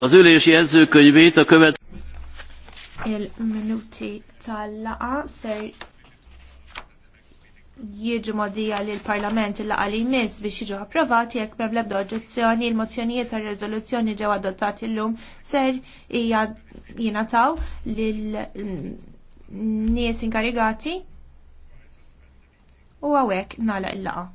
Az ülési jegyzőkönyvét a követ... Il-minuti tal-laqa ser jieġu modija li l-Parlament il-laqa li jmiss biex jiġu approvati jekk mebla doġezzjoni il-mozzjonijiet tal rezoluzzjoni ġew adottati l-lum ser jinataw l mm, nies inkarigati u għawek nala il-laqa.